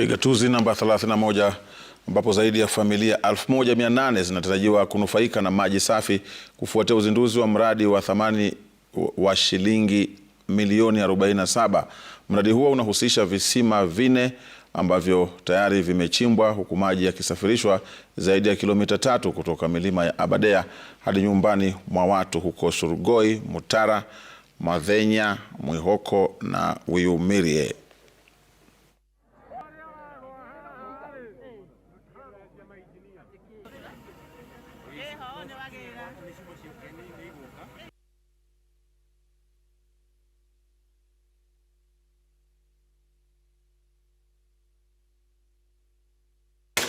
Gatuzi namba 31 ambapo zaidi ya familia 1800 zinatarajiwa kunufaika na maji safi kufuatia uzinduzi wa mradi wa thamani wa shilingi milioni 47. Mradi huo unahusisha visima vine ambavyo tayari vimechimbwa huku maji yakisafirishwa zaidi ya kilomita tatu kutoka milima ya abadea hadi nyumbani mwa watu huko Surgoi, Mutara, Madhenya, Mwihoko na Wiyumirie.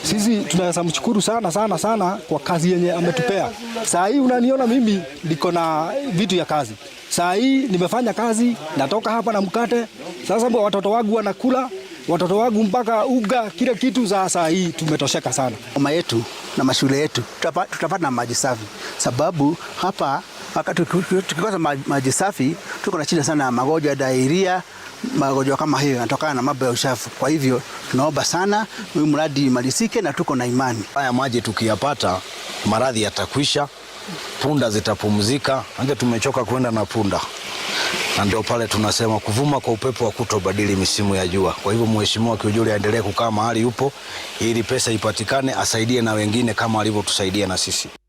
sisi tunaweza mshukuru sana sana sana kwa kazi yenye ametupea. Saa hii unaniona mimi niko na vitu ya kazi. Saa hii nimefanya kazi, natoka hapa na mkate. Sasa watoto wangu wanakula watoto wangu mpaka uga kila kitu. saa hii tumetosheka sana, mama yetu na mashule yetu tutapata maji safi, sababu hapa wakati tukikosa maji safi tuko na shida sana magonjwa ya dairia magonjwa kama hiyo yanatokana na mambo ya uchafu. Kwa hivyo tunaomba sana huyu mradi malisike, na tuko na imani haya maji tukiyapata, maradhi yatakwisha, punda zitapumzika, anje tumechoka kwenda na punda na ndio pale tunasema kuvuma kwa upepo wa kutobadili misimu ya jua. Kwa hivyo mheshimiwa Kiujuri aendelee kukaa mahali yupo, ili pesa ipatikane, asaidie na wengine kama alivyotusaidia na sisi.